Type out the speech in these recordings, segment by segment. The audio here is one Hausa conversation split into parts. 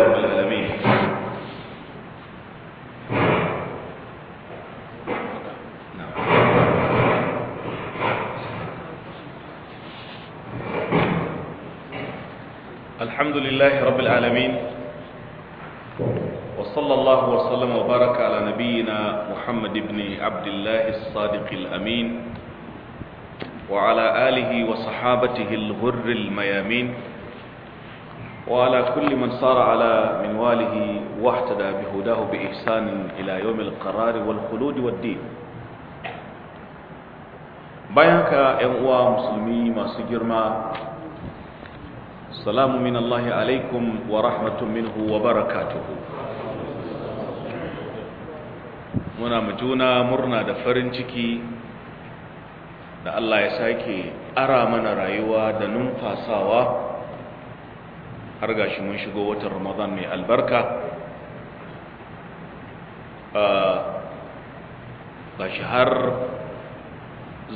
العالمين نعم. الحمد لله رب العالمين وصلى الله وسلم وبارك على نبينا محمد بن عبد الله الصادق الأمين وعلى آله وصحابته الغر الميامين وعلى كل من صار على منواله واحتدى بهداه بإحسان إلى يوم القرار والخلود والدين bayanka ‘yan uwa musulmi masu girma salamu min Allahi alaikum wa rahmatun minhu wa barakatuhu muna juna murna da farin ciki da Allah ya sake ara mana rayuwa da numfasawa har gashi mun shigo watan ramadan mai albarka gashi har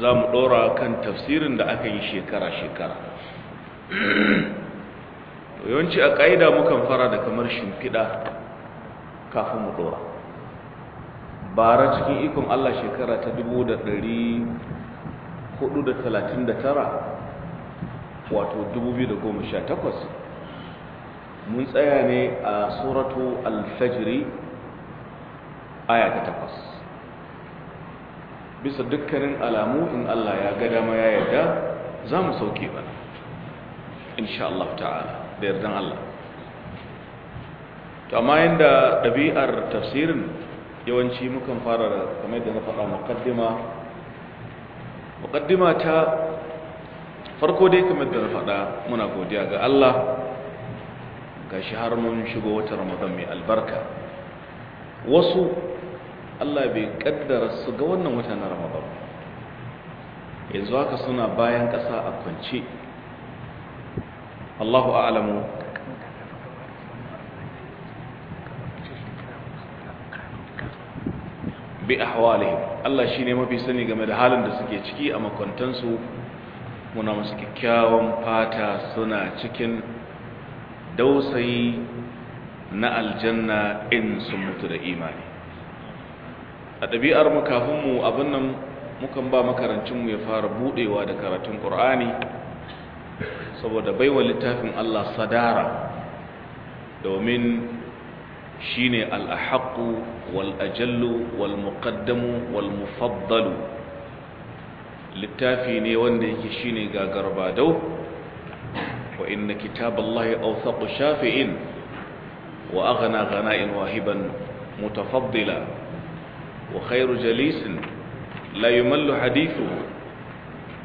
za mu ɗora kan tafsirin da aka yi shekara-shekara yawanci a ƙa'ida mukan fara da kamar shimfiɗa kafin mu ɗora bara cikin ikon allah shekara ta tara, wato 2018 mun tsaya ne a suratu alfajiri aya ta takwas bisa dukkanin alamu in Allah ya ga dama ya yarda za mu sauke ba insha Allah ta'ala da yardan Allah to amma inda ɗabi'ar tafsirin yawanci mukan fara da kamar da na faɗa muqaddima muqaddima ta farko dai kamar da na faɗa muna godiya ga Allah gashi har mun shigo wata ramadan mai albarka wasu Allah bai kaddara su ga wannan wata na ramadan yanzu haka suna bayan ƙasa a kwance Allahu a'lamu bi ahwalihim Allah shine mafi sani game da halin da suke ciki a makwantansu muna musu kyakkyawan fata suna cikin dausayi na aljanna in sun mutu da imani a ɗabi'ar mu kafin abin nan mukan ba makarancinmu ya fara buɗewa da karatun ƙur'ani saboda baiwa littafin Allah sadara domin shine al-haqqu wal ajallu wal wal mufaddalu littafi ne wanda yake shine gagarba dau فإن كتاب الله أوثق شافئ وأغنى غناء واهبا متفضلا وخير جليس لا يمل حديثه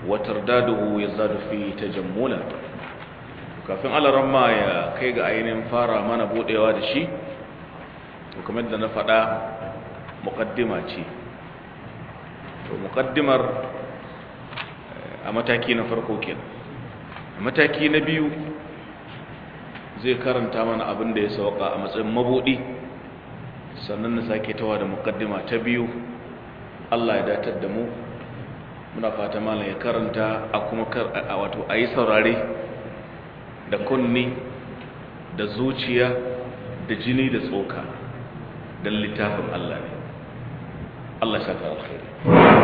وترداده يزداد فيه تجملا kafin alarama ya kai ga ainihin fara mana budewa da shi to kamar da na faɗa muqaddima ce to muƙaddimar a mataki na farko kenan mataki na biyu zai karanta mana abin da ya sauka a matsayin mabudi sannan na sake tawa da mukaddima ta biyu Allah ya datar da mu muna fata malam ya karanta a kuma kar a wato ayi saurare da kunni da zuciya da jini da tsoka dan littafin Allah ne Allah ya saka alkhairi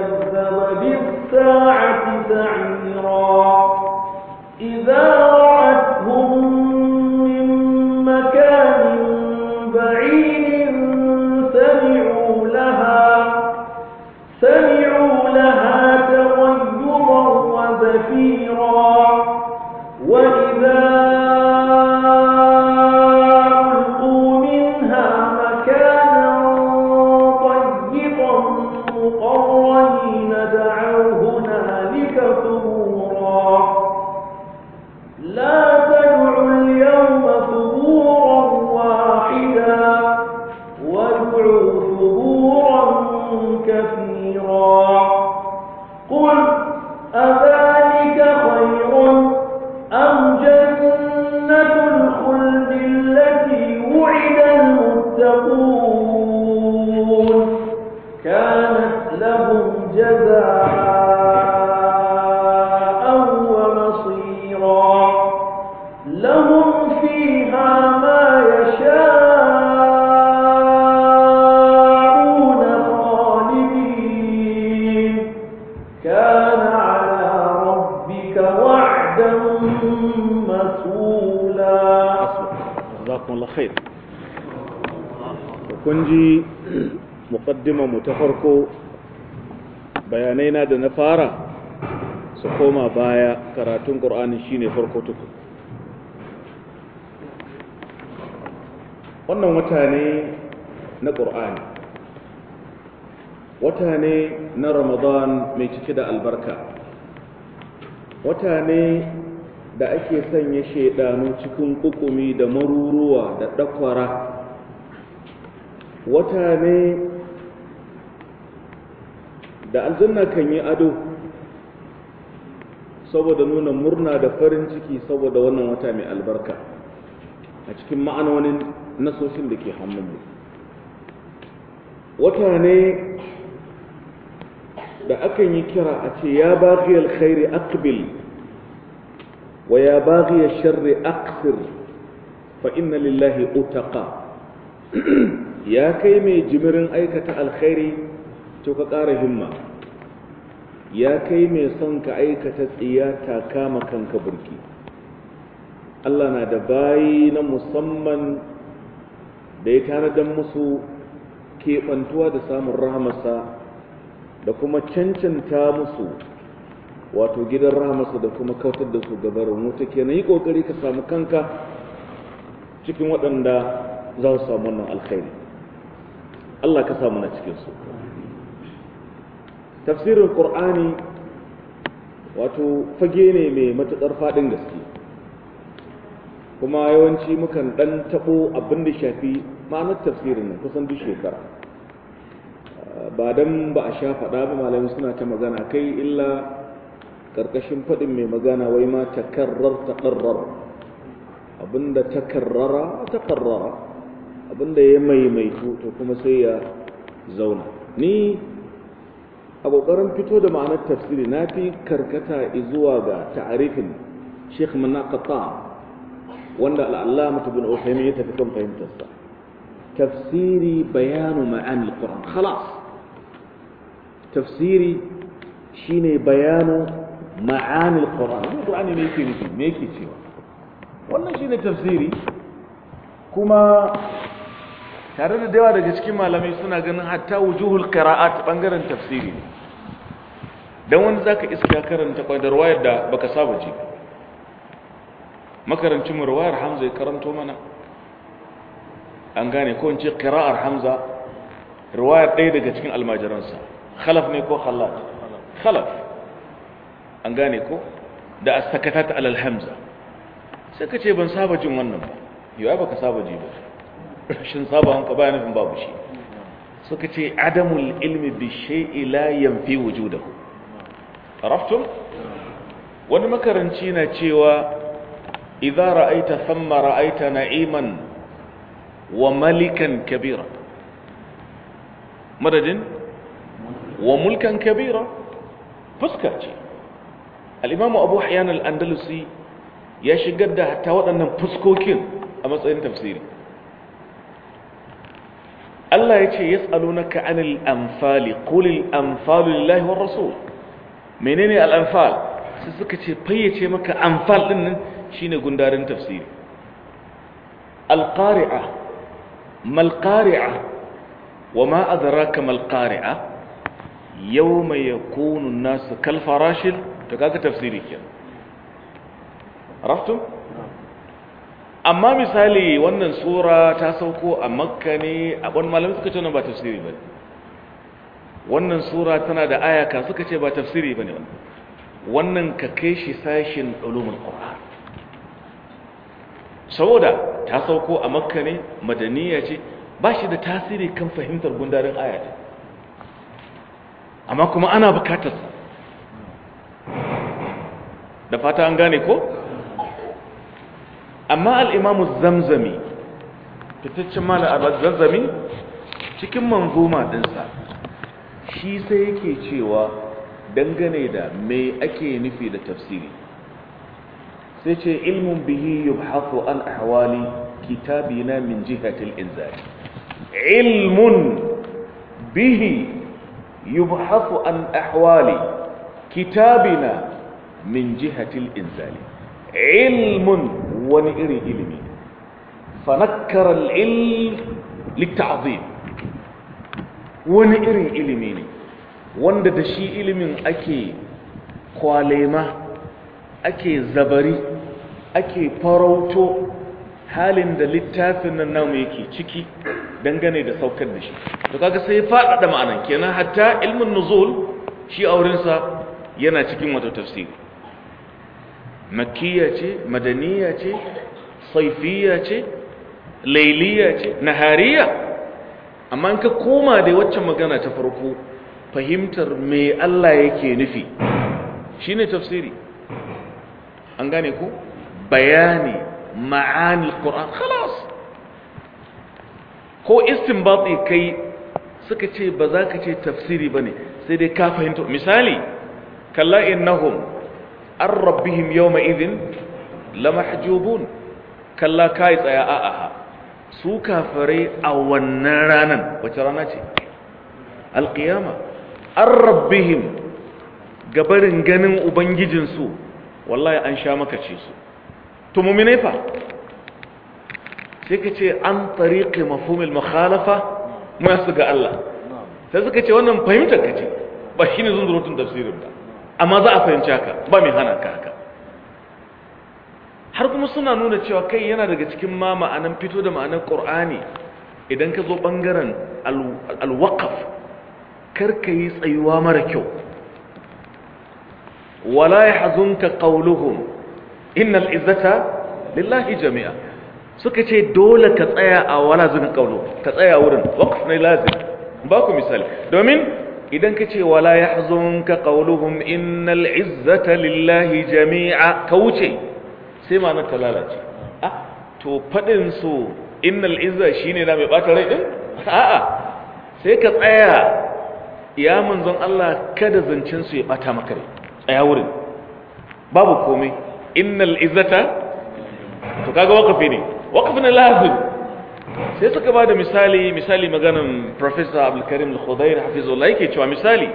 كذب بالساعة سعيرا ta farko bayanai na da na fara su koma baya karatun ƙur'ani ne farko tuku wannan wata ne na ƙur'ani wata ne na ramadan mai cike da albarka wata ne da ake sanya shaidanu cikin kukumi da maruruwa da ɗakwara wata ne da aljanna kan yi ado saboda nuna murna da farin ciki saboda wannan wata mai albarka a cikin ma'anonin nasoshin da ke hannunmu wata ne da akan yi kira a ce ya baƙi alkhairi aqbil wa ya baƙi sharri aqsir fa inna lillahi utaqa ya kai mai jimirin aikata alkhairi to ka ƙara himma ya kai mai son ka aikata tsiya kama kanka burki Allah na da bayi na musamman da ya tanadar musu keɓantuwa da samun rahamarsa da kuma cancanta musu wato gidan rahamarsa da kuma kautar da su gabarin wuta kenan yi ƙoƙari ka samu kanka cikin waɗanda za su samu wannan alkhairi Allah ka samu na cikinsu tafsirin ƙur'ani, wato fage ne mai matuƙar faɗin gaske kuma yawanci mukan ɗan taɓo abin da shafi ma'anar tafsirin nan kusan duk shekara ba don ba a sha faɗa ba malamai suna ta magana kai illa ƙarƙashin faɗin mai magana wai ma ta takarrar abinda ta karrara. abinda ya maimaito, to kuma sai ya zauna ni a ƙoƙarin fito da ma'anar tafsiri na fi karkata zuwa ga ta'arifin sheikh manakata wanda al'allama ta bin ohemi ya tafi kan fahimtarsa tafsiri bayanu ma'an al khalas tafsiri shine bayanu ma'an al ne yake nufi me yake cewa wannan shine tafsiri kuma tare da dawa daga cikin malamai suna ganin hatta wujuhul qira'at bangaren tafsiri dan wani zaka iska karanta kwadar wayar da baka saba ji makarancin murwayar hamza ya karanto mana an gane ko ince qira'ar hamza ruwayar ɗaya daga cikin almajiransa khalaf ne ko khalaf khalaf an gane ko da as-sakatat alal hamza sai kace ban saba jin wannan ba yau baka saba ji ba shin sabon ka bayani nufin babu shi suka ce adamul ilmi bi shay'i la yanfi wujudahu araftum wani makaranci na cewa idza ra'aita thumma ra'aita na'iman wa malikan kabira madadin wa mulkan kabira fuskar ce al-imamu abu hayyan al-andalusi ya shigar da ta waɗannan fuskokin a matsayin tafsiri Allah ya ce yas'alunaka anil anfali qulil anfalu lillahi war rasul menene al anfal sai suka ce fayyace maka anfal ɗin nan shine gundarin tafsiri al wa mal qari'a wama ka malƙari'a, qari'a yawma yakunu an-nasu kal farashil ta kaga tafsiri kenan عرفتم amma misali wannan sura ta sauko a makka ne a ɓan malamai suka ce ba tafsiri ba wannan sura tana da ayaka suka ce ba tafsiri ba ne wannan ka kai shi sashin ɗalumin ƙura saboda ta sauko a makka ne madaniya ce ba shi da tasiri kan fahimtar gundarin ayata amma kuma ana bukatar da fata an gane ko? amma al'imamu zamzami fitaccen mala'ar zamzami cikin manzoma ɗinsa shi sai yake cewa dangane da me ake nufi da tafsiri sai ce ilmin bihi yubhathu an kitabi kitabina min jihatil inzari ilmun bihi Yubhafu an ahwali kitabina min jihatil inzal ilmun wani irin ilimi fanakkara al'il wani irin ilimi ne wanda da shi ilimin ake kwalema ake zabari ake farauto halin da littafin nan namu yake ciki dangane da saukar da shi to kaga sai faɗaɗa ma'anan kenan hatta ilmin nuzul shi aurinsa yana cikin wata tafsiri makkiya ce madaniya ce saifiya ce lailiya ce nahariya amma in ka koma da waccan magana ta farko fahimtar me Allah yake nufi shine tafsiri an gane ko bayani ma'ani alquran khalas ko istinbati kai suka ce ba za ka ce tafsiri bane sai dai ka fahimta misali kalla innahum an rabbihim yau idhin lamahjubun kalla kai tsaya a aha, su kafare a wannan ranan wace rana ce alkiyama an rabbihim gabarin ganin Ubangijinsu, su wallahi an sha makace su to mu'mine fa sai ce an tariqi mafhumil mukhalafa ma su ga Allah sai suka ce wannan fahimtar kace ba shine zunzurutun tafsirin ba amma za a fahimci haka ba mai hana ka haka har kuma suna nuna cewa kai yana daga cikin ma ma'anan fito da ma'anan ƙur'ani idan ka zo ɓangaren alwakaf kar ka yi tsayuwa mara kyau wala ya ka ƙauluhun innal izzata lillahi jami'a suka ce dole ka tsaya a wala zunin ƙaulu ka tsaya wurin wakaf na lazim ba ku misali domin idan ka ce wala ya ka ƙauluhun innal izzata lillahi jami'a ka wuce sai ma'anar ta lalace to faɗin su innal izza shi ne na mai ɓata rai ɗin a'a sai ka tsaya ya manzon Allah kada su ya ɓata maka rai tsaya wurin babu komai innal izzata to kaga wakafi ne Wakafi na lazim sai suka ba da misali misali maganin professor abdulkarim al-khudair hafizullah yake cewa misali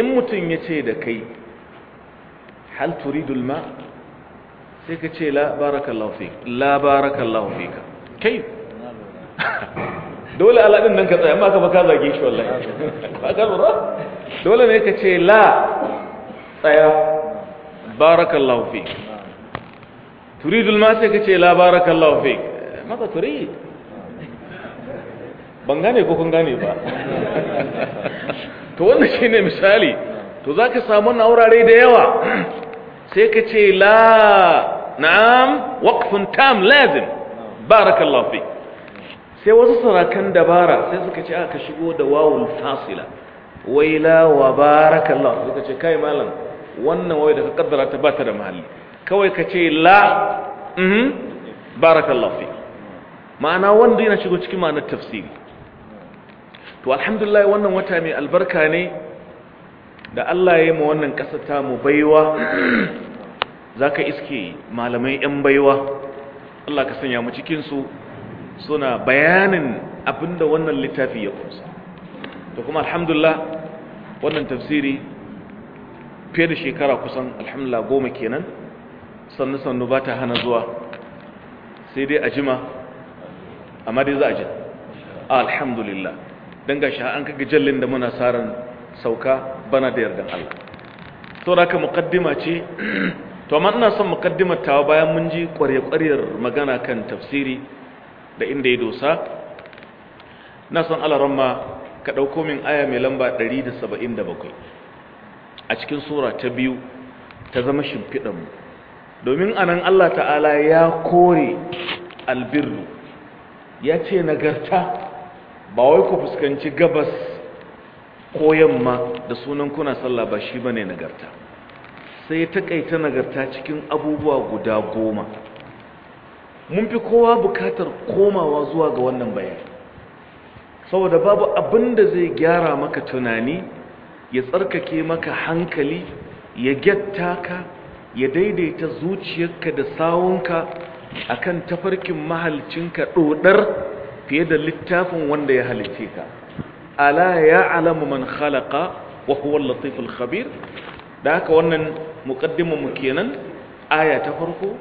in mutum ya ce da kai hal turidu al ma sai ka ce la barakallahu fik la barakallahu fik kai dole aladin nan ka tsaya amma ka ba ka zage shi wallahi ba ka lura dole ne ka ce la tsaya barakallahu fik turidu al ma sai ka ce la barakallahu fik ماذا تريد ban gane ko kun gane ba to wannan shine misali to zaka samu na da yawa sai ka ce la na'am waqfun tam lazim barakallahu fi sai wasu sarakan dabara sai suka ce aka ah, shigo da wawul fasila waila wa barakallahu suka ce kai malam wannan wai da ka kaddara ta bata da mahalli kawai ka ce la mhm barakallahu fi ma'ana wanda yana shigo cikin ma'anar tafsiri to alhamdulillah wannan wata mai albarka ne da Allah ya yi ma wannan ƙasa ta mu baiwa zaka iske malamai 'yan baiwa Allah ka sanya mu cikin su suna bayanin abinda wannan littafi ya kunsa to kuma alhamdulillah wannan tafsiri fiye da shekara kusan alhamdulillah goma kenan sannu sannu ba ta hana zuwa sai dai a jima amma dai za a ji alhamdulillah don gashi an kaga jallin da muna saran sauka bana da yardan Allah to da ka muqaddima ce to amma ina son muqaddimar ta bayan mun ji ƙwarya-ƙwaryar magana kan tafsiri da inda ya dosa na son alaramma ka ɗauko min aya mai lamba 177 a cikin sura ta biyu ta zama shimfiɗanmu domin anan Allah ta'ala ya kore albirru ya ce nagarta ba wai ku fuskanci gabas ko yamma da sunan kuna sallah ba shi bane nagarta sai ya takaita nagarta cikin abubuwa guda goma mun fi kowa bukatar komawa zuwa ga wannan bayan saboda babu abin da zai gyara maka tunani ya tsarkake maka hankali ya gyatta ka ya daidaita zuciyarka da sawunka akan tafarkin mahalcinka dodar fiye da littafin wanda ya halice ka ala ya alamu man khalaqa wa huwa al-latiful khabir da haka wannan muqaddima mu kenan aya ta farko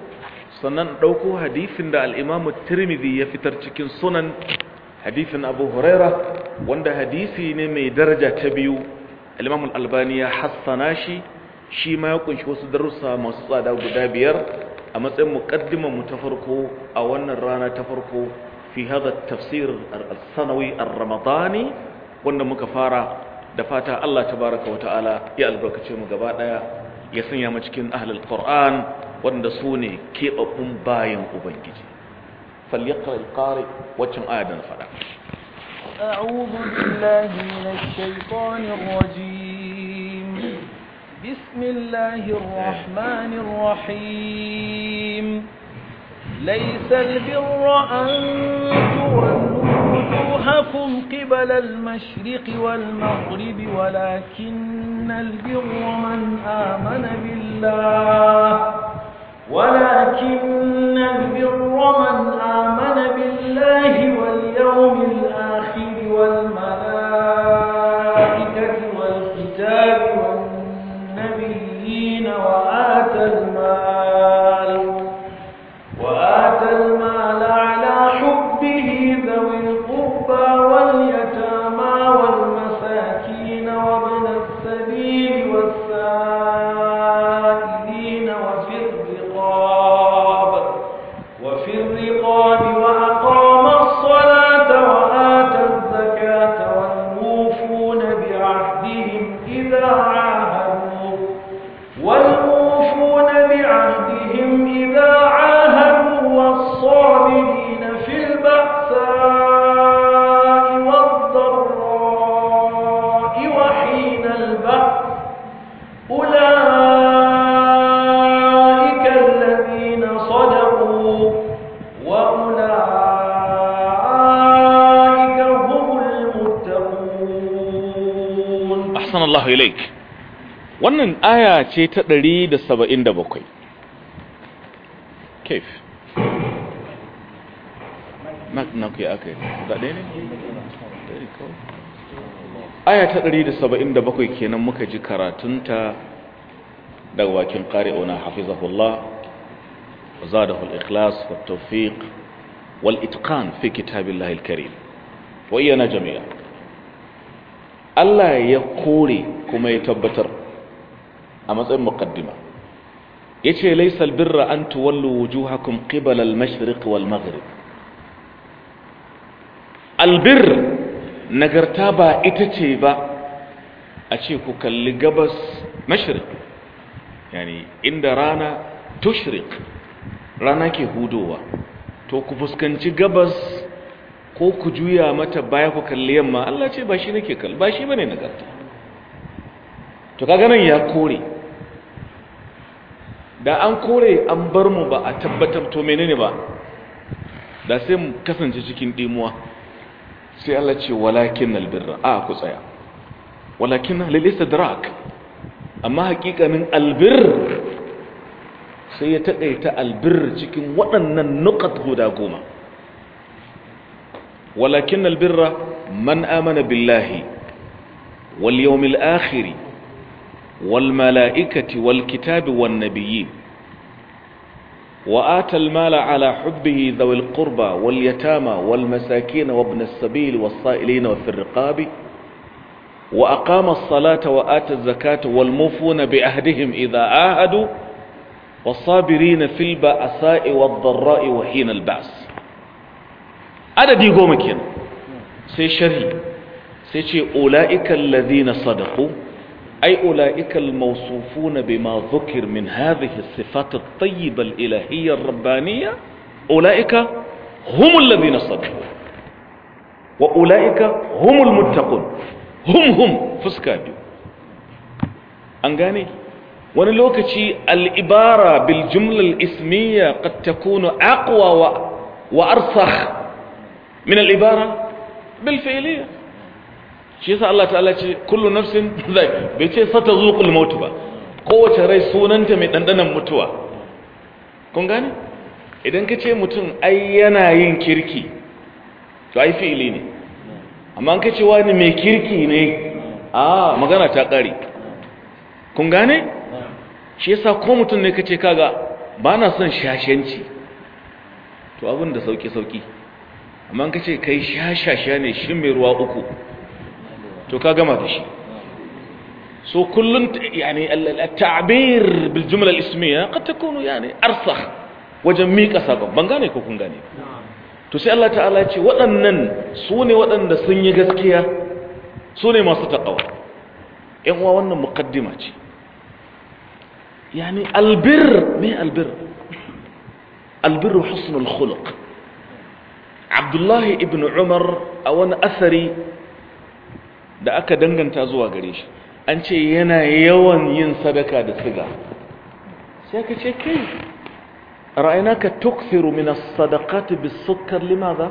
sannan dauko hadisin da al imamu Tirmidhi ya fitar cikin sunan hadisin Abu Huraira wanda hadisi ne mai daraja ta biyu al imamu al-Albani ya hassana shi shi ma ya kunshi wasu darussa masu tsada guda biyar a matsayin muqaddimar mu ta farko a wannan rana ta farko fi hada tafsir al-sanawi ar-ramadani wanda muka fara da fata Allah tabaraka wa ta'ala ya albarkace mu gaba daya ya sanya mu cikin ahlul qur'an wanda su ne kebabbun bayan ubangiji falyaqra al-qari wacin ayadan fada a'udhu billahi minash shaitanir rajim بسم الله الرحمن الرحيم ليس البر أن تولوا وجوهكم قبل المشرق والمغرب ولكن البر من آمن بالله ولكن البر من آمن بالله واليوم الآخر والملائكة ilaik wannan aya ce ta 177 kaif na ku yi aka yi daɗe ne? aya ta 177 kenan muka ji karatunta daga wakin ƙari'una hafizahullah wa zadahul ikhlas wa tawfiq wal itqan fi kitabillahi alkarim wa iyana jami'a Allah ya kore kuma ya tabbatar a matsayin muqaddima yace laysa albirra an tuwallu wujuhakum qibala al-mashriq albir nagarta ba ita ce ba a ce ku kalli gabas mashriq yani inda rana tushriq rana ke hudowa to ku fuskanci gabas ko ku juya mata baya ku kalli yamma Allah ce ba shi nake kalli ba shi bane nagarta to kaga nan ya kore da an kore an bar mu ba a tabbatar to menene ba da sai mu kasance cikin dimuwa sai Allah ce walakin albirra a ku tsaya walakin lalisa drak amma hakikanin albir sai ya ta albir cikin waɗannan nukat guda goma walakin albirra man amana billahi wal yawmil akhiri والملائكة والكتاب والنبيين وآتى المال على حبه ذوي القربى واليتامى والمساكين وابن السبيل والصائلين وفي الرقاب وأقام الصلاة وآتى الزكاة والموفون بأهدهم إذا آهدوا والصابرين في البأساء والضراء وحين البأس دي قومك هنا سيشري سيشي أولئك الذين صدقوا أي أولئك الموصوفون بما ذكر من هذه الصفات الطيبة الإلهية الربانية أولئك هم الذين صدقوا وأولئك هم المتقون هم هم فسكابيو أنقاني ونلوكتي العبارة بالجملة الإسمية قد تكون أقوى وأرسخ من العبارة بالفعلية shi yasa Allah ta'ala ce kullu nafsin zai bai ce sata zuqul maut ba kowace rai sunanta mai dandanan mutuwa kun gane idan ka ce mutum ai yana yin kirki to ai fi'ili ne amma ka ce wani mai kirki ne a magana ta kare kun gane shi yasa ko mutum ne kace kaga ba na son shashanci to abin da sauki sauki amma ka ce kai shashasha ne shin mai ruwa uku كا تكاجم هذا الشيء سو كل يعني التعبير بالجملة الاسمية قد تكون يعني أرسخ وجميك أساقب بنغاني كوكونغاني نعم تسأل الله تعالى وأنن سوني وأن سنية جزكية سوني ما ستقوى يعني وأن مقدمة يعني البر ما البر البر حسن الخلق عبد الله ابن عمر أو أثري da aka danganta zuwa gare shi an ce yana yawan yin sadaka da siga sai ka ce kai ra'aynaka tukthiru min as-sadaqati bis lima limadha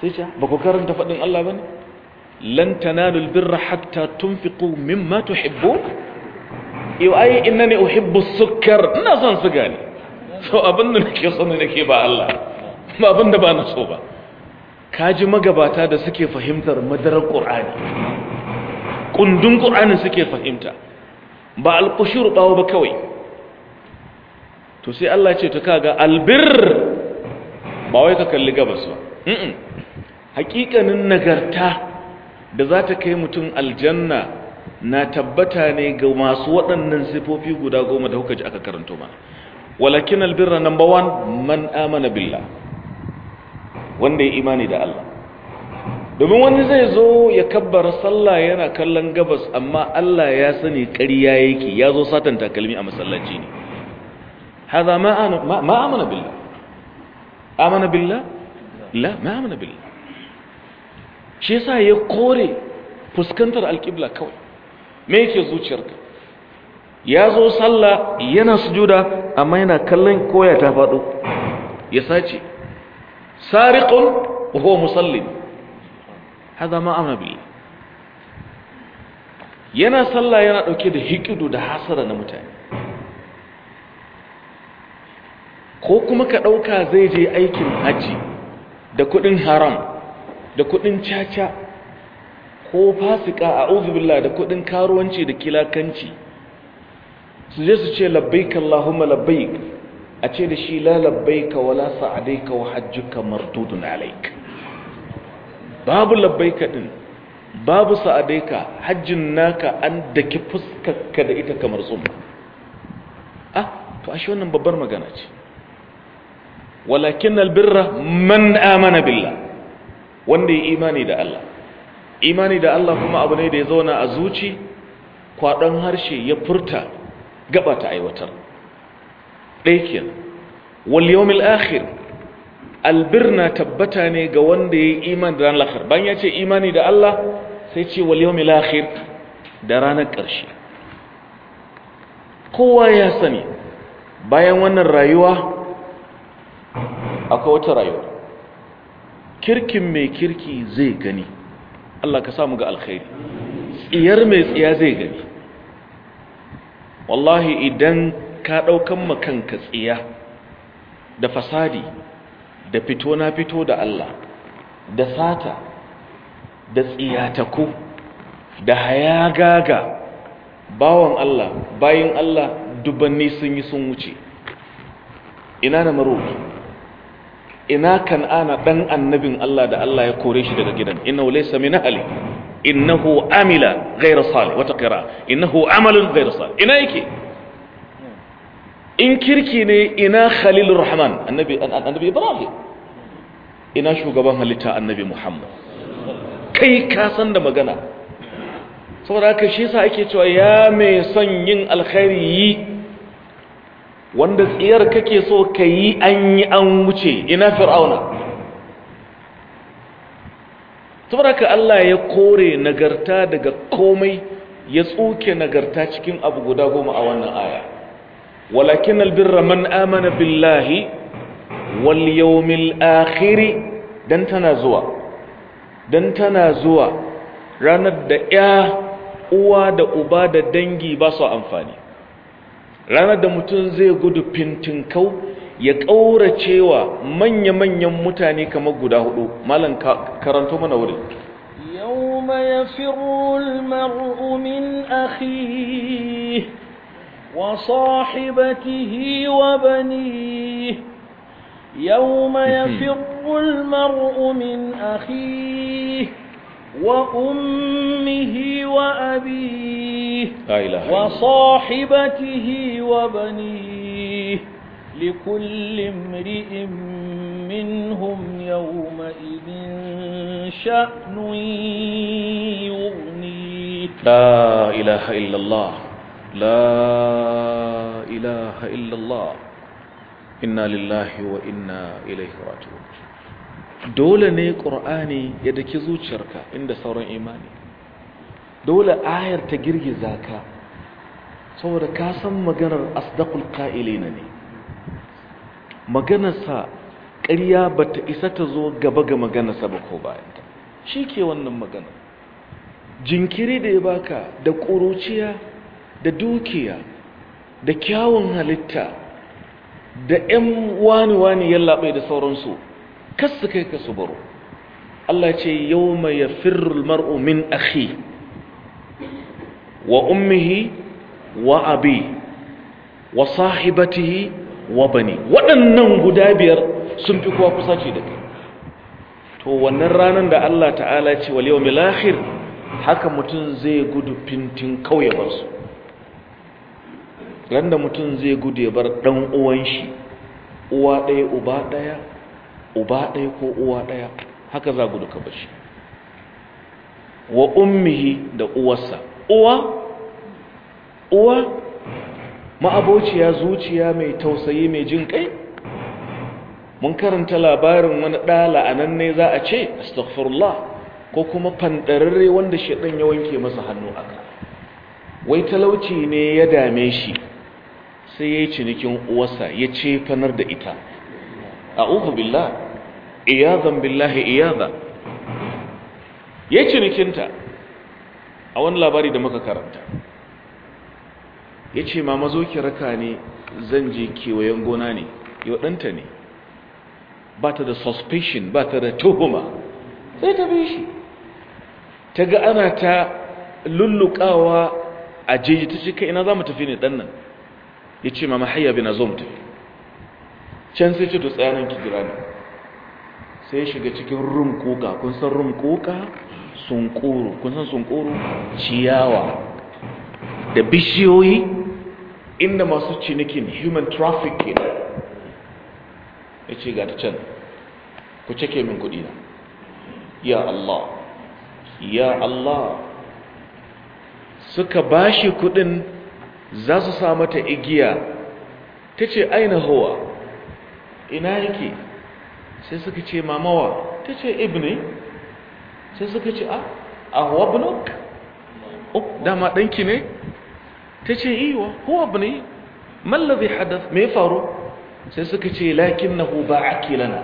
sai ce ba ku karanta faɗin Allah bane lan tanalu al-birra hatta min mimma tuhibbun yau ai innani uhibbu as sukar. ina son siga ne so abin da nake so ne nake ba Allah ba abin da ba na so ba kaji magabata da suke fahimtar madarar ƙur'ani ƙundun ƙur'anin suke fahimta ba alƙushur ɓawo ba kawai to sai Allah ce ta kaga albir ba wai ka kalli gabas ba haƙiƙanin nagarta da za ta kai mutum aljanna na tabbata ne ga masu waɗannan sifofi guda goma da kuka ji aka karanto mana walakin albirra number 1 man amana billah wanda ya imani da Allah domin wani zai zo ya kabbara sallah yana kallon gabas amma Allah ya sani ƙarya yake ya zo satan takalmi a masallaci ne haza ma amana billah amana billah la ma amana billah shi yasa ya kore fuskantar alƙibla kawai me yake zuciyarka ya zo sallah yana sujuda amma yana kallon koya ta faɗo ya sace سارق وهو مصلي هذا ما أمن به yana sallah yana ɗauke da hikidu da hasara na mutane ko kuma ka ɗauka zai je aikin haji da kudin haram da kuɗin caca ko fasika a'udhu billahi da kuɗin karuwanci da kilakanci su je su ce labbaik allahumma labbaik a ce da shi ka wala ka wa hajjuka martudun alaik babu ka ɗin, babu ka, hajjin naka an daki fuskarka da ita kamar tsumma ah to ashe wannan babbar magana ce walakin albirra man amana billah wanda ya imani da Allah imani da Allah kuma abu ne da ya zauna a zuci kwaɗon harshe ya furta gaba ta aiwatar ɗaikin waliyomil akhir albirna tabbata ne ga wanda ya yi imani da ranar akhir bayan ya ce imani da Allah sai ce waliyomil akhir da ranar ƙarshe kowa ya sani bayan wannan rayuwa akwai wata rayuwa kirkin mai kirki zai gani Allah ka samu ga alkhairi tsiyar mai tsiya zai gani wallahi idan ka ɗaukan makanka tsiya da fasadi da fito na fito da Allah da sata da tsiyataku da hayagaga bawan Allah bayin Allah dubanni sun yi sun wuce ina na maroki ina kan ana dan annabin Allah da Allah ya kore shi daga gidan inna laysa min ahli innahu amila ghayra salih wata qira innahu amalun ghayra salih ina yake in kirki ne ina khalilur rahman annabi annabi ibrahim ina shugaban halitta annabi muhammad kai ka san da magana saboda haka shi yasa ake cewa ya mai son yin alkhairi yi wanda tsiyar kake so ka yi an yi an wuce ina fir'auna saboda haka Allah ya kore nagarta daga komai ya tsuke nagarta cikin abu guda goma a wannan aya walakin albirra man amana billahi wal yawmil akhir dan tana zuwa ranar da ya uwa da uba da dangi ba su amfani ranar da mutum zai gudu fintinkau ya ƙauracewa manya-manyan mutane kamar guda hudu malam karanto mana wurin yawma yafirru al-mar'u min akhihi وصاحبته وبنيه يوم يفر المرء من أخيه وأمه وأبيه وصاحبته وبنيه لكل امرئ منهم يومئذ شأن يغنيه لا إله إلا الله لا إله إلا الله إنا لله وإنا إليه راجعون dole ne ƙur'ani ya daki zuciyarka inda sauran imani dole ayar ta girgiza ka saboda ka san maganar asdaqul qa'ilina ne maganarsa ƙarya bata isa ta zo gaba ga maganarsa ba ko bayan ta ke wannan maganar jinkiri da ya baka da ƙuruciya da dukiya da kyawun halitta da 'yan wani-wani yallaɓe da sauransu kasu kai kasu baro Allah ce yau mai ya firul mar'u min wa ummihi wa abi wa sahibatihi wa bani waɗannan guda biyar sun fi kuwa kusa ce da kai to wannan ranar da Allah ta'ala ce wal yau milahir haka mutum zai gudu fintin kauye barsu randa mutum zai gude bar ɗan uwan shi uwa ɗaya uba ɗaya uba ɗaya ko uwa ɗaya haka za gudu ka bashi wa ummihi da uwarsa uwa uwa ma'abociya zuciya mai tausayi mai jin kai mun karanta labarin wani ɗala a ne za a ce astaghfirullah ko kuma fanɗararre wanda shaɗan ya wanke masa hannu aka wai talauci ne ya dame shi sai ya yi cinikin uwarsa ya ce fanar da ita a uku billah iyazan billahi iyaza ya cinikinta a wani labari da muka karanta ya ce mama zo ki raka ne zan je kewayen gona ne yau ɗanta ne ba ta da suspicion ba ta da tuhuma sai ta bai shi ta ga ana ta lullukawa a jeji ta ce kai ina za mu tafi ne ɗannan nan ya ce mama hayya bi na zo can sai ce to tsayanan ki jira ne sai shiga cikin rum kuka kun san rum kuka sunkuru kun san sunkuru ciyawa da bishiyoyi inda masu cinikin human trafficking ya ce ga can ku cike min kudi na ya Allah ya Allah suka bashi kudin za su sa mata igiya ta ce aina hawa ina yake sai suka ce mamawa ta ce ibni sai suka ce a huwa binok dama ɗanki ne ta ce iwa huwa bini mallabi hadaf mai faru sai suka ce lakin na ba a kilana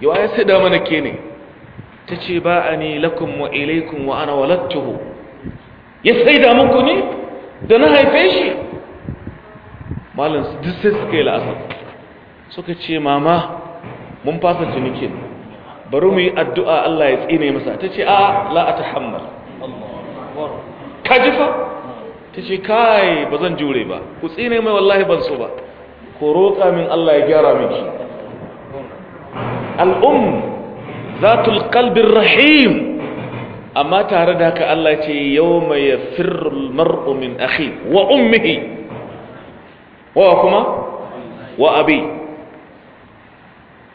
yawa ya sai dama na ke ne ta ce ba a ni lakun wa ilaikun wa ana walattuhu ya sai damunku ne da na haife shi malam duk sai suka yi la'asar suka ce mama mun fasa cinikin bari mu yi addu'a Allah ya tsine masa ta ce a la’ata a ta hammal ka jifa ta ce kai ba zan jure ba ku tsine mai wallahi ban so ba ko roƙa min Allah ya gyara miki al'um zatul kalbin rahim amma tare da haka Allah ce yawma yafirru almar'u min akhi wa ummihi wa kuma wa abi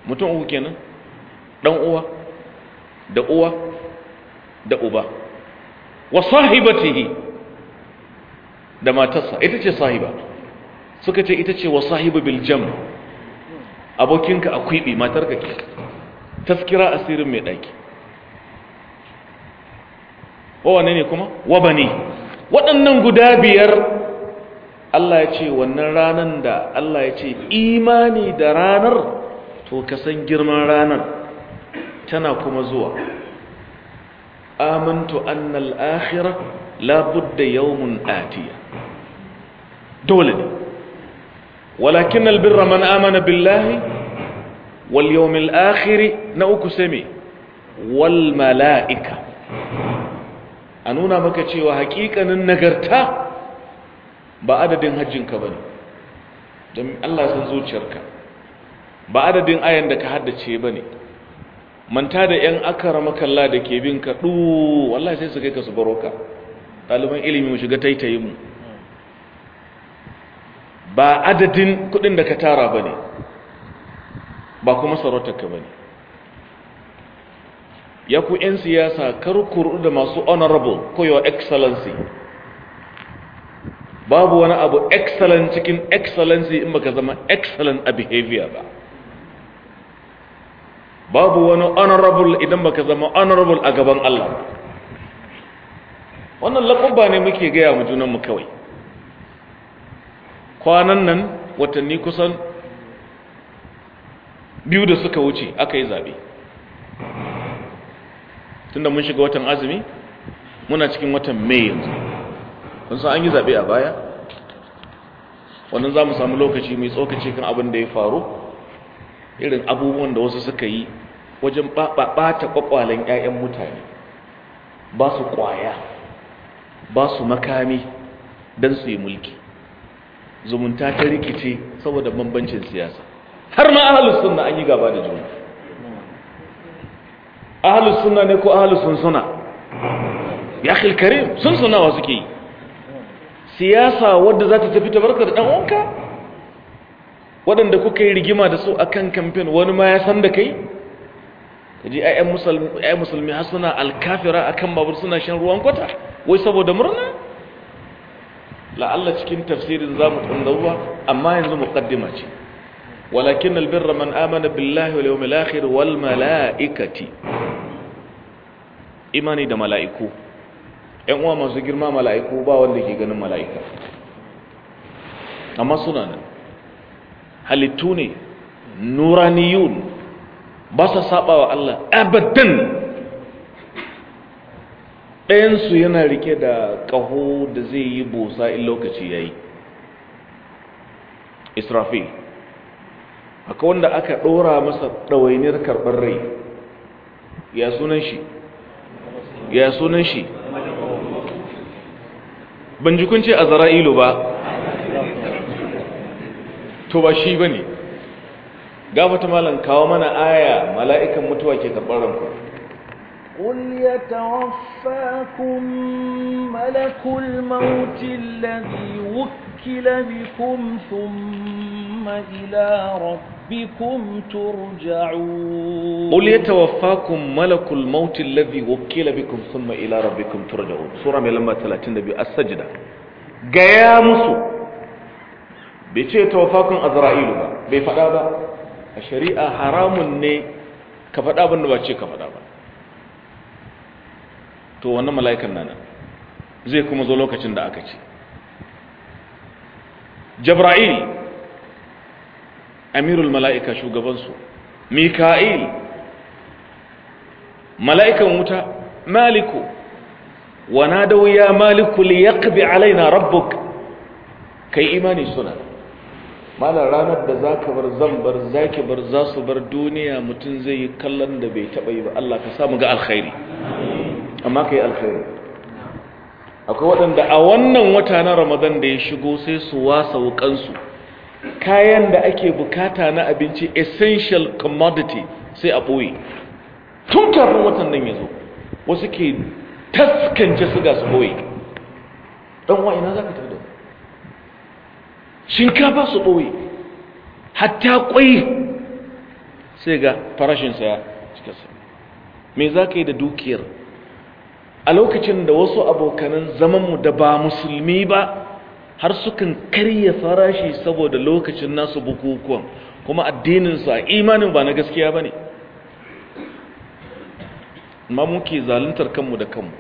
mutum uku kenan dan uwa da uwa da uba wa sahibatihi da matarsa ita ce sahiba suka ce ita ce wa sahibu bil jam abokinka a kwibi matarka ke Tafkira asirin mai daki Wawane ne kuma wabani waɗannan guda biyar Allah ya ce wannan ranar da Allah ya ce imani da ranar to ka san girman ranar tana kuma zuwa amantu annal akhirah la budda yawmun atiya dole ne walakin albirra man amana billahi wal yawmil akhir na uku sami wal mala'ika a nuna maka cewa hakikanin nagarta ba adadin hajjinka ba ne don Allah san zuciyarka ba adadin ayan da ka haddace ba ne manta da 'yan akara makalla da ke bin ka ɗu wallah sai su kai ka su baro ka ɗaliban ilimi mu shiga taitaye mu ba adadin kuɗin da ka tara ba ne ba kuma sarautarka ba ne ya ku 'yan siyasa karkuru da masu honorable ko your excellency babu wani abu excellent cikin excellency in baka zama excellent a behavior ba babu wani honorable idan baka zama honorable a gaban Allah wannan laƙubba ne muke gaya mu junanmu kawai kwanan nan watanni kusan biyu da suka wuce aka yi zaɓe tunda mun shiga watan azumi muna cikin watan mai yanzu kun san an yi zaɓe a baya wannan za mu samu lokaci mai tsokaci kan abin da ya faru irin abubuwan da wasu suka yi wajen ɓata ƙwaƙwalen 'ya'yan mutane ba su ƙwaya ba su makami don su yi mulki zumunta ta rikice saboda bambancin siyasa har ma ahalus sunna an yi gaba da juna ahalus sunna ne ko ahalus sunsuna ya karim sunsunawa suke yi siyasa wadda za ta tafi tabarka da ɗan'onka waɗanda kuka yi rigima da su akan kamfen wani ma ya san da kai ji ayan musulmi har suna alkafira akan babur suna shan ruwan kwata wai saboda murna la'alla cikin tafsirin za mu ƙundarwa amma yanzu muƙaddima ce walakin albirra man amana billahi wal yawmil akhir wal mala'ikati imani da mala'iku ‘yan uwa masu girma mala'iku ba wanda ke ganin mala'ika amma suna nan halittu ne nuraniyun ba sa saba wa Allah abadan ɗayansu yana rike da ƙaho da zai yi bosa in lokaci ya yi Isra'fi. akwai wanda aka ɗora masa ɗawainiyar karɓar rai ya sunan shi ya sunan shi ban ji kun ce a zara'ilu ba to ba shi ba ne gafata malam kawo mana aya mala'ikan mutuwa ke karɓar ranku قل يتوفاكم ملك الموت الذي وكل بكم ثم إلى ربكم ربكم ترجعون قل يتوفاكم ملك الموت الذي وكل بكم ثم إلى ربكم ترجعون سورة ملما 32 السجدة gaya musu bai ce tawafakun azra'ilu ba bai faɗa ba a shari'a haramun ne ka faɗa abin da ba ce ka faɗa ba to wannan mala'ikan nana zai kuma zo lokacin da aka ci. jabra'il amirul mala'ika shugabansu mika'il mala'ikan wuta maliku wa nadaw maliku li yaqbi alaina rabbuk kai imani suna malar ranar da za ka bar zan bar zaki bar za su bar duniya mutum zai yi kallon da bai taɓa yi ba Allah ka samu ga alkhairi amma ka yi alkhairi akwai waɗanda a wannan wata na ramadan da ya shigo sai su wasa wukansu kayan da ake bukata na abinci essential commodity sai a ɓoye tun kafin watan nan ya zo wasu ke taskance suga su ɓoye ɗan wa'ina za ka tafi shinkafa su ɓoye hatta ƙwai sai ga farashinsa ya cika sa me za ka yi da dukiyar a lokacin da wasu abokanan zamanmu da ba musulmi ba har sukan karya farashi saboda lokacin nasu bukukuwan kuma addininsu a imanin ba na gaskiya ba ne ma muke zaluntar kanmu da kanmu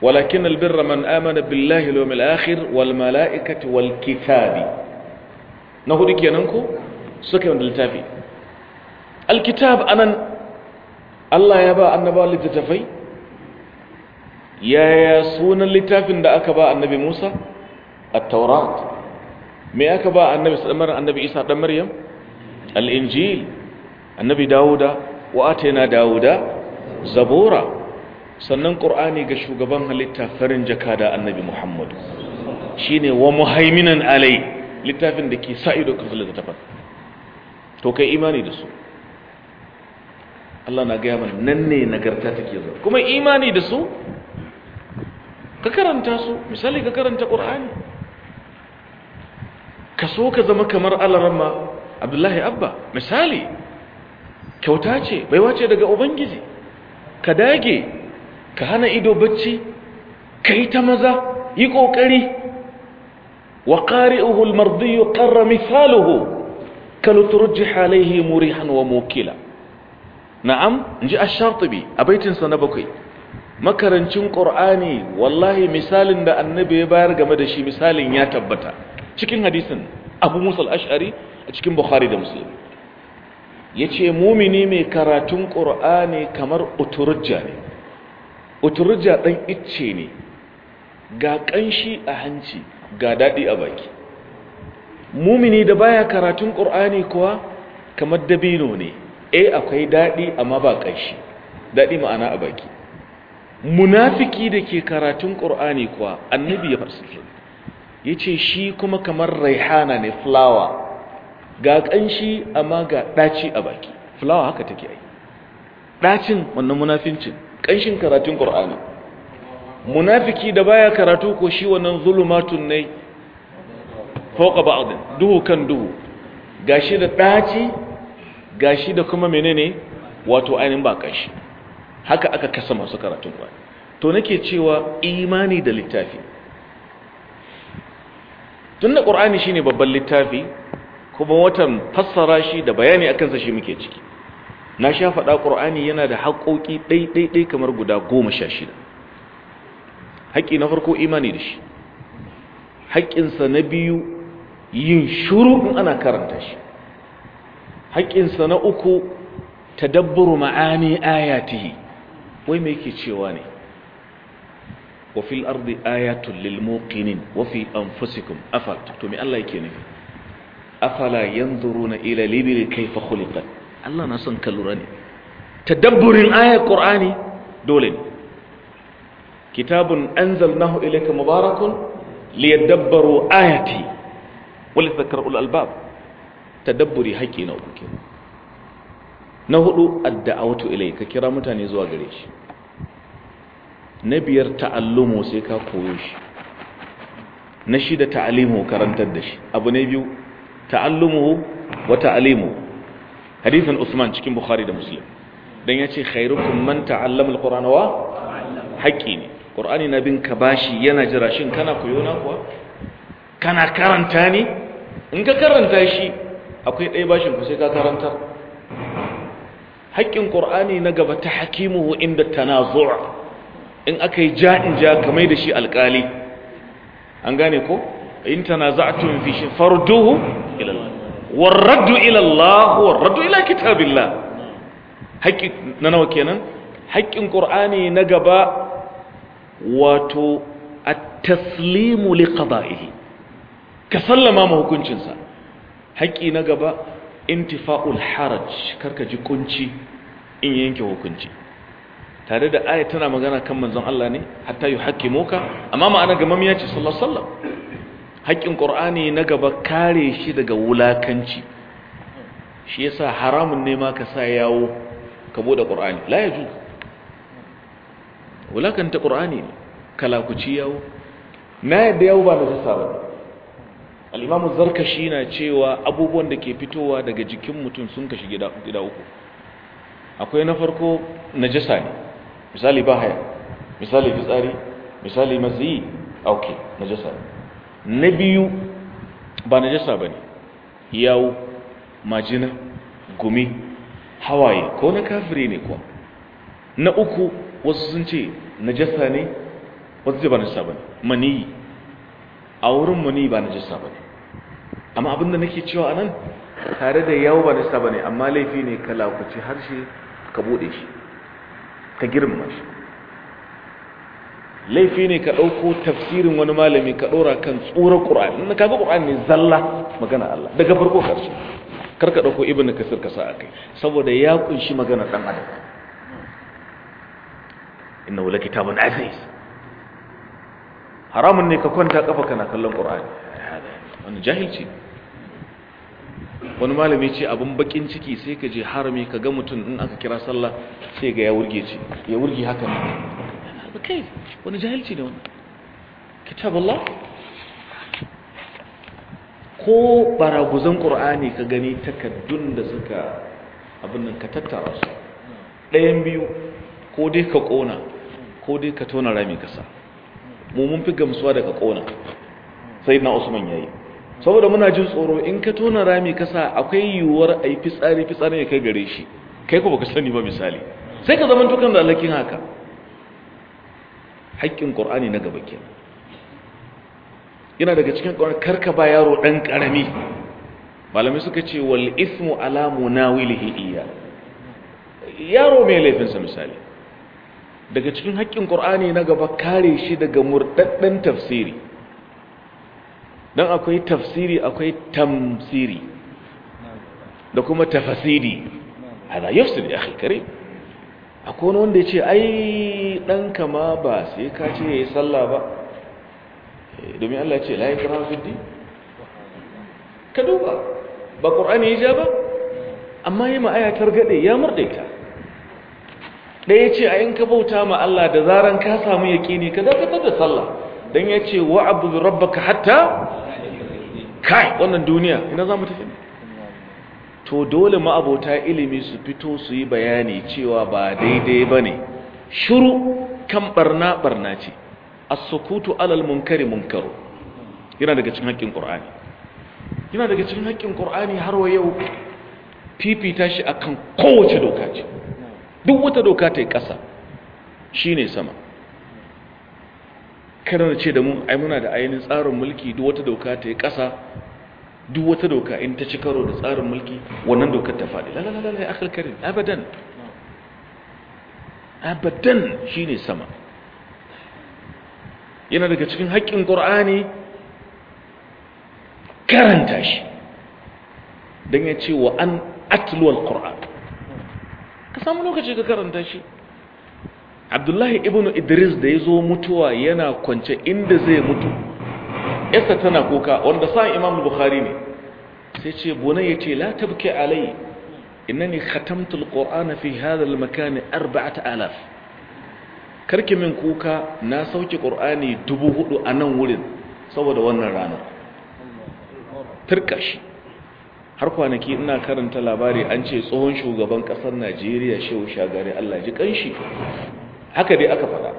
walakin albirra man amana billahi lomil akhir wal mala'ikati wal kitabi na hudu kenan ko suka yi littafi alkitab anan Allah ya ba annabawa littattafai yaya sunan littafin da aka ba annabi Musa at-taurat me aka ba annabi sallallahu annabi Isa dan Maryam al-injil annabi Dawuda wa atayna Dawuda zabura sannan qur'ani ga shugaban halitta farin jakada annabi Muhammad shine wa muhaiminan alai littafin da ke sa'ido ido kan to kai imani da su Allah na gaya mana nan ne nagarta take zuwa kuma imani da su ka karanta su misali ka karanta ƙur'ani ka so ka zama kamar alarama abdullahi abba misali kyauta ce baiwa ce daga ubangiji ka dage ka hana ido bacci ka yi ta maza yi ƙoƙari wa ƙari'uhul mardiyu ƙarra misaluhu ka luturji halaihi murihan wa mokila na'am in ji a shartubi a baitinsa na bakwai makarancin Kur'ani, wallahi misalin da annabi ya bayar game da shi misalin ya tabbata cikin hadisin abu musul ash'ari a cikin bukhari da muslim ya ce mumini mai karatun ƙur'ani kamar uturja ne uturja ɗan icce ne ga ƙanshi a hanci ga daɗi a baki mumini da baya karatun ƙur'ani kuwa kamar dabino ne eh akwai daɗi amma ba ƙanshi daɗi ma'ana a baki munafiki da ke karatun ƙur'ani kuwa annabi ya ke ya ce shi kuma kamar raihana ne fulawa ga ƙanshi amma ga ɗaci a baki fulawa haka take yi ɗacin wannan munafincin ƙanshin karatun ƙur'ani munafiki da baya karatu ko shi wannan zulumatun ne fauka abin duhu kan duhu gashi da ɗaci gashi da kuma menene wato ainihin ba ƙanshi haka aka kasa masu karatun ƙwari. to nake cewa imani da littafi Tun tunda ƙur'ani shine babban littafi kuma watan fassara shi da bayani a kansa shi muke ciki na sha faɗa ƙur'ani yana da haƙoƙi ɗaiɗaiɗai kamar guda goma sha shida haƙƙi na farko imani da shi haƙƙinsa na biyu yin shuru in ana karanta shi haƙƙinsa na uku ta tadabburu ma'ani ayatihi wai me yake cewa ne wa fil ardi ayatul lil muqinin wa fi anfusikum afal to me Allah yake nufi afala yanzuruna ila libil kayfa khuliqat Allah na son kallura ne tadabburin ayat qur'ani dole ne kitabun anzalnahu ilayka mubarakun liyadabbaru ayati wa albab tadabburi haƙi na uku na hudu adda'awatu ilai ka kira mutane zuwa gare shi na biyar ta'allumu sai ka koyo shi na shida ta'alimu karantar da shi abu ne biyu ta'allumu wa ta'alimu hadithin Usman cikin Bukhari da Muslim dan yace khairukum man ta'allama al wa haqqi ne Qur'ani na bin ka bashi yana jira shin kana koyo na kuwa kana karanta ne in ka karanta shi akwai ɗaya bashin ku sai ka karantar haƙƙin ƙur'ani na gaba ta hakimuhu inda tanazu'a in aka yi ja'in ja kamai da shi alƙali an gane ko in tanaza'tum fi shi farduhu ila Allah warraddu ila Allah warraddu ila kitabillah haƙƙi na nawa kenan haƙƙin ƙur'ani na gaba wato a taslimu li qada'ihi ka sallama ma hukuncinsa haƙƙi na gaba intifa'ul haraj karka ji kunci in yanke hukunci tare da ayat tana magana kan manzon Allah ne hatta yuhaqqimuka amma ma'ana ga mamiya ce sallallahu alaihi wasallam haƙƙin qur'ani na gaba kare shi daga wulakanci shi yasa haramun ne ma ka sa yawo ka bude qur'ani la yaju wulakanta qur'ani kala kuci yawo na yadda yawo ba na sassa ba al'imamu zarkashi na cewa abubuwan da ke fitowa daga jikin mutum sun kashi gida uku akwai na farko na jisa ne misali ba haya, misali fitsari misali maziyi na jisa ne na biyu ba jisa ba ne yawo majina gumi hawaye ko na kafiri ne kuwa na uku wasu sun ce na jisa ne wasu ce ba na jisa ba ne maniyi a wurin mu ni ba najasa bane amma abin da nake cewa anan tare da yawo ba najasa bane amma laifi ne ka lakuci harshe ka bude shi ka girmama shi laifi ne ka ɗauko tafsirin wani malami ka ɗora kan tsoron ƙura'ani na kaga ƙura'ani ne zalla magana Allah daga farko karshe kar ka ɗauko ibn kasir ka sa a kai saboda ya kunshi magana ɗan adam inna wula kitabun aziz haramun ne ka kwanta kafa kana kallon qur'ani wannan jahilci wani malami ce abin bakin ciki sai ka je harami ka ga mutum in aka kira sallah sai ga ya wurge ce ya wurge haka ne kai wani jahilci ne wannan kitabullah ko baraguzan qur'ani ka gani takardun da suka abin nan ka tattara su ɗayan biyu ko dai ka ƙona, ko dai ka tona rami ka mu mun fi gamsuwa daga kona sai na usman yayi saboda muna jin tsoro in ka tona rami kasa akwai yiwuwar a yi fitsari fitsari ya kai gare shi kai ko baka sani ba misali sai ka zaman tukan lalakin haka haƙƙin ƙur'ani na gaba kenan yana daga cikin ƙwarar karka ba yaro ɗan ƙarami malamai suka ce wal ismu alamu na wili iya yaro mai laifinsa misali daga cikin haƙƙin ƙur'ani na gaba kare shi daga murɗaɗɗen tafsiri don akwai tafsiri akwai tamsiri da kuma tafasiri su ne a haikare akwai wani wanda ya ce ai ɗan kama ba sai ka ce ya yi sallah ba eh, domin Allah ce layi ikra fi ka duba ba qur'ani ya ja ba amma yi ma'ayatar gaɗe ya murɗaita ɗaya ce a yin ka bauta ma Allah da zaran ka samu yaƙini ka dakatar da sallah dan ya ce wa abu Rabba ka hatta kai wannan duniya ina za mu tafi to dole ma'abota ilimi su fito su yi bayani cewa ba daidai ba ne shuru kan barna barna ce A sukutu alal munkari munkaro yana daga cin haƙƙin ƙur'ani yana daga cin haƙƙin qur'ani har wa yau fifita shi akan kowace doka ce duk wata doka ta yi ƙasa shi ne sama kanar ce da mun aimuna da ainihin tsarin mulki duk wata doka ta yi ƙasa duk wata doka in ta ci karo da tsarin mulki wannan dokar ta faɗi lalalala ya akal karin abadan abadan shi ne sama yana daga cikin haƙƙin ƙur'ani karanta shi don ya ce wa an atluwal ƙur'an ka samu lokaci ka karanta shi abdullahi ibn idris da ya zo mutuwa yana kwance inda zai mutu yasta tana kuka wanda sa imam bukhari ne sai ce bone ya ce la tabki alai innani khatamtu alqur'ana fi hadha almakan 4000 karki min kuka na sauke qur'ani 4000 a nan wurin saboda wannan ranar turkashi har kwanaki ina karanta labari an ce tsohon shugaban kasar najeriya shehu shagari allah ji kanshi haka dai aka fada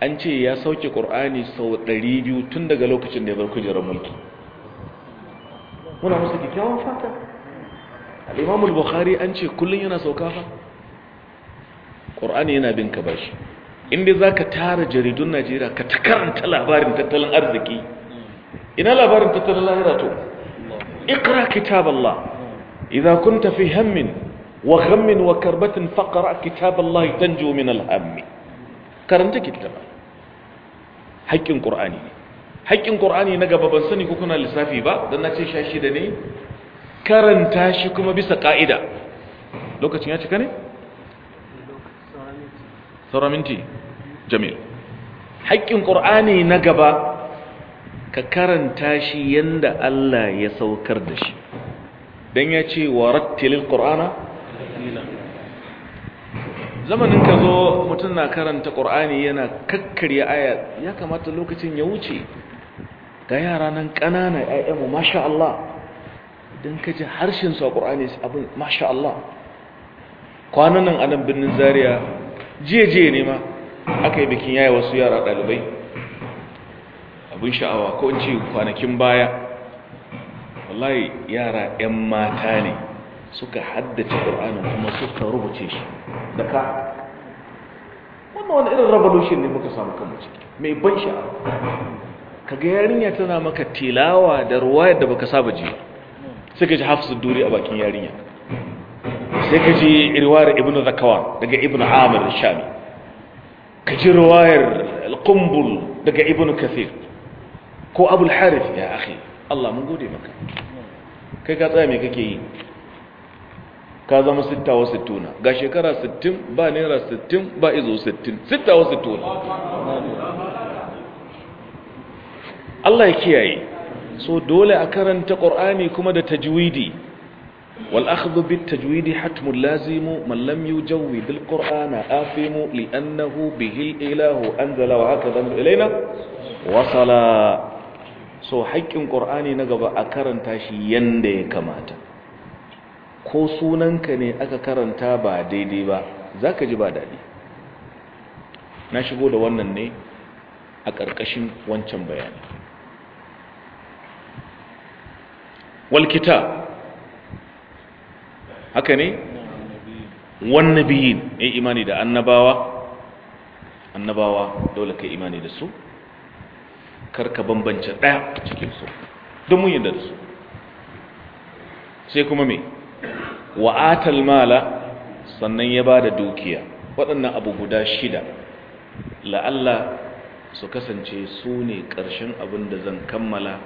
an ce ya sauke ƙur'ani sau 200 tun daga lokacin da ya bar kujerar mulki muna musu kyakkyawan fata al'imamul bukhari an ce kullum yana sauka fa ƙur'ani yana bin ka bashi inda za ka tara jaridun najeriya ka ta karanta labarin tattalin arziki ina labarin tattalin lahira to اقرأ كتاب الله إذا كنت في هم وغم وكربة فقرأ كتاب الله تنجو من الهم كرنت كتاب حق قرآني حق قرآني نقب بنسني كنا لسافي با دنا تشاشي دني كرنتا شي كما بس قائدة لوكاتين يا ne? saura minti jamil haƙƙin ƙur'ani na gaba ka karanta shi yanda Allah ya saukar da shi dan ya ce wa rattilin qur'ana zamanin ka zo mutum na karanta qur'ani yana kakkarya aya ya kamata lokacin ya wuce ga yara nan ƙanana ayyamu masha Allah don ka ji harshen su a ƙur'ani abin masha Allah kwanan nan a nan birnin zariya jiye jiye ne ma aka yi bikin yaya wasu yara ɗalibai abin sha'awa ko in ce kwanakin baya wallahi yara 'yan mata ne suka haddace ƙur'anin kuma suka rubuce shi da ka wannan wani irin revolution ne muka samu kan mace mai ban sha'awa kaga yarinya tana maka tilawa da ruwayar da baka saba ji sai ka ji hafsu duri a bakin yarinya sai ka ji riwayar ibn zakawa daga ibn amir shami ka ji riwayar al daga ibn kathir ko abul harif ya akhi Allah mun gode maka kai ka tsaya me kake yi ka zama 66 ga shekara 60 ba naira 60 ba izo 60 66 Allah ya kiyaye so dole a karanta Qur'ani kuma da tajwidi wal akhdhu bit tajwidi hatmun lazim man lam yujawwid al qur'ana afimu li annahu bihi al ilahu anzala wasala so haƙƙin ƙur'ani na gaba a karanta shi yadda ya kamata ko sunanka ne aka karanta ba daidai ba za ka ji ba daɗi na shigo da wannan ne a ƙarƙashin wancan bayani walkita haka ne wannan biyin ya imani da annabawa annabawa dole ka imani da su karka bambance daya cikin su don mun yadda da su sai kuma me wa'atal mala sannan ya ba da dukiya waɗannan abu guda shida la'alla su kasance su ne ƙarshen abin da zan kammala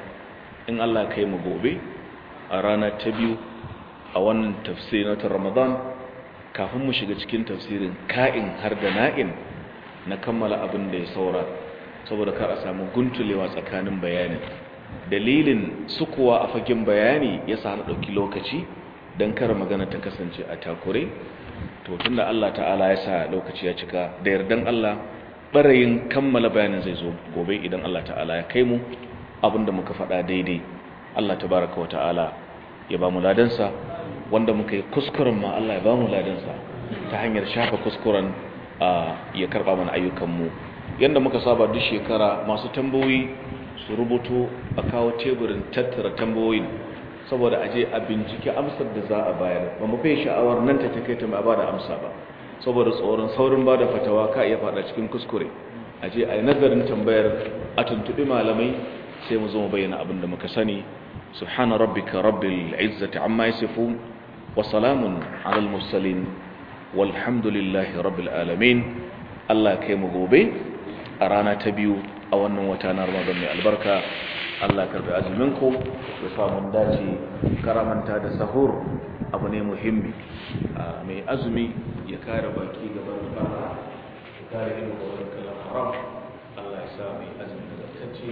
in Allah kai mu gobe a rana ta biyu a wannan tafsirin watan Ramadan kafin mu shiga cikin tafsirin ka'in har da na'in na kammala abin da ya saura saboda kar a samu guntulewa tsakanin bayanin, dalilin sukuwa a fagen bayani ya sa ɗauki lokaci don kar magana ta kasance a takure to tunda Allah ta'ala ya sa lokaci ya cika da yardan Allah barayin kammala bayanin zai zo gobe idan Allah ta'ala ya kai mu abinda muka faɗa daidai Allah baraka wa ta'ala ya ba mu ladansa wanda muka yi kuskuren ma Allah ya ba mu ladansa ta hanyar shafa kuskuren ah, ya karɓa mana ayyukanmu yadda muka saba duk shekara masu tambayoyi su rubuto a kawo teburin tattara tambayoyin saboda je a bincike amsar da za a bayar ba mu fai sha'awar nan ta kai ta ba da amsa ba saboda tsoron saurin ba da fatawa ka iya fada cikin kuskure aje a yi nazarin tambayar a tuntuɓi malamai sai mu zo mu bayyana abin da muka sani subhana rabbika rabbil izzati amma yasifun wa salamun al mursalin walhamdulillahi rabbil alamin Allah kai mu gobe a rana ta biyu a wannan wata na ruwa mai albarka Allah karbi azumin ku ya sa mun dace karamanta da sahur abu ne muhimmi mai azumi ya kare baki gaban fara ya kare ido gaban kalan haram Allah ya sa mai azumi da tsaftace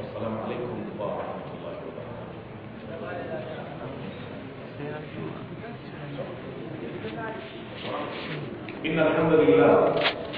assalamu alaikum wa rahmatullahi wa barakatuh إن الحمد لله